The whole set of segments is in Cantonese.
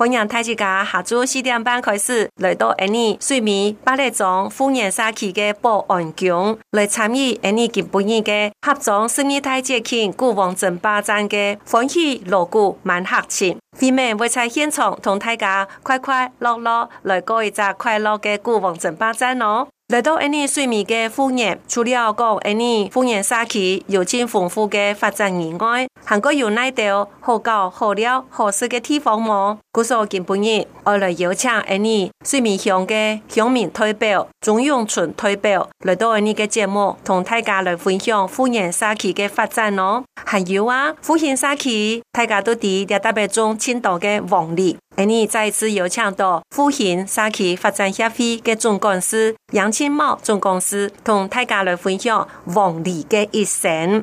歡迎大家下晝四點半開始來到安尼水面八列莊富人社區嘅保安宮來參與安尼及本年嘅客莊十二大節慶鼓王爭霸戰嘅歡喜鑼鼓晚客前，你們會在現場同大家快快樂樂來過一隻快樂嘅鼓王爭霸戰哦。來到安尼水面嘅富人，除了講安尼富人社區有件豐富嘅發展以外，還個有呢啲好教好料、好食嘅地方冇？歌手見半日，我來邀請安你，水面鄉的鄉民代表，鍾永純代表來到安你的節目，同大家來分享富興社區的發展哦，還有啊，富興社區大家都知，特別中青島的王麗，安你再一次邀請到富興社區發展協會的總幹事楊青茂總幹事，同大家來分享王麗的一生。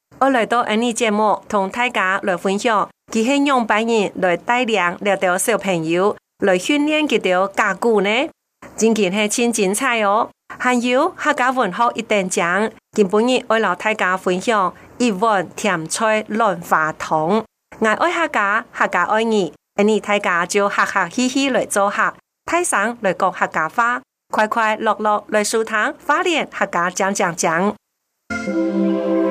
我嚟到安呢節目，同大家嚟分享，佢係用百年來帶領六條小朋友嚟訓練佢條家具呢。今期係千剪菜哦，還有客家文化一等獎。今晡日我留大家分享一碗甜脆嫩滑湯。我愛客家，客家愛你，安呢大家就客客氣氣嚟做客，梯上嚟講客家話，快快樂樂嚟舒坦，花蓮客家講講講。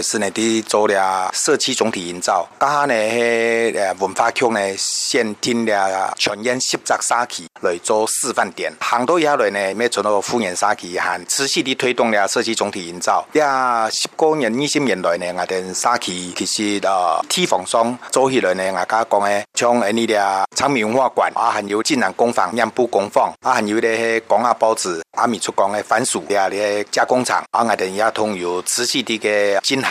是呢，啲做咧社區總體營造，加上咧去文化局呢，選定咧全英十集沙區來做示範點，很多一下嚟咧咩做咗富源沙區，行持續啲推動咧社區總體營造，廿、這、十個年、二十年嚟呢，我哋沙區其實誒地方上做起來咧，我講咧從呢啲啊昌明文化館，我、啊、還有智能公房、音步公房，我、啊、還有咧廣鴨包子、阿、啊、米出工嘅番薯嘅啲加工廠、啊，我哋亦都有持續啲嘅進行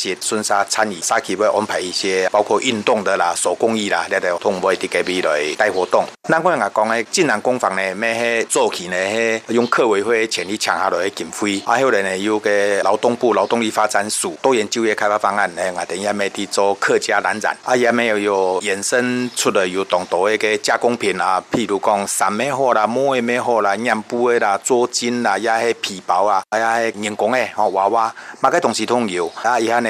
些孫沙參與，三期會安排一些包括運動的啦、手工藝啦，阿啲活動會滴入去來帶活動。那我阿講咧，技南工坊咧，咩做起咧，那那用客委會全力搶下來經費，阿後來呢，有嘅勞動部、勞動力發展署多元就業開發方案咧，阿哋也咪去做客家藍染，啊，也咪有衍生出來有更多嘅加工品啊。譬如講扇美好，母的好的啦、木美好啦、染布啦、做針啦，也皮包啊，也人工嘅，哦娃娃，乜嘢東西都有，阿以後咧。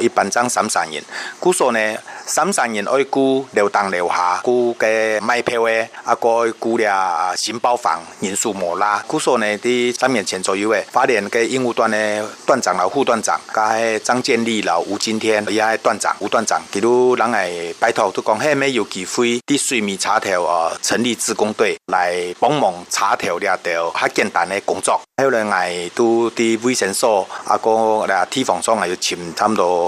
一般章沈善仁，據說呢沈善仁愛顧留東留下，顧嘅賣票嘅一個顧了新包房人數冇拉，據說呢啲三年前左右嘅，發現嘅鸚鵡段呢段長老副段長，加阿張建立老吳金天，而家喺段長吳段長，佢都諗係拜託都講咩咩有機會啲水泥查頭啊，成立自工隊嚟幫忙查頭掠條，好簡單嘅工作，後來嗌都啲衛生所，阿哥阿地方所嗌要簽差唔多。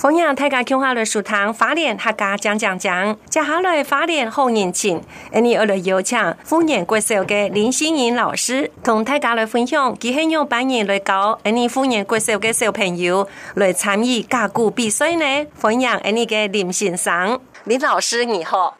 歡迎大家聽好了，書堂花蓮客家講講講，接下來花蓮後年睛，二尼二六有請豐年國小嘅林心穎老師同大家來分享，佢希望幫人來教二尼豐年國小嘅小朋友來參與加固比賽呢。歡迎二尼嘅林先生，林老師你好。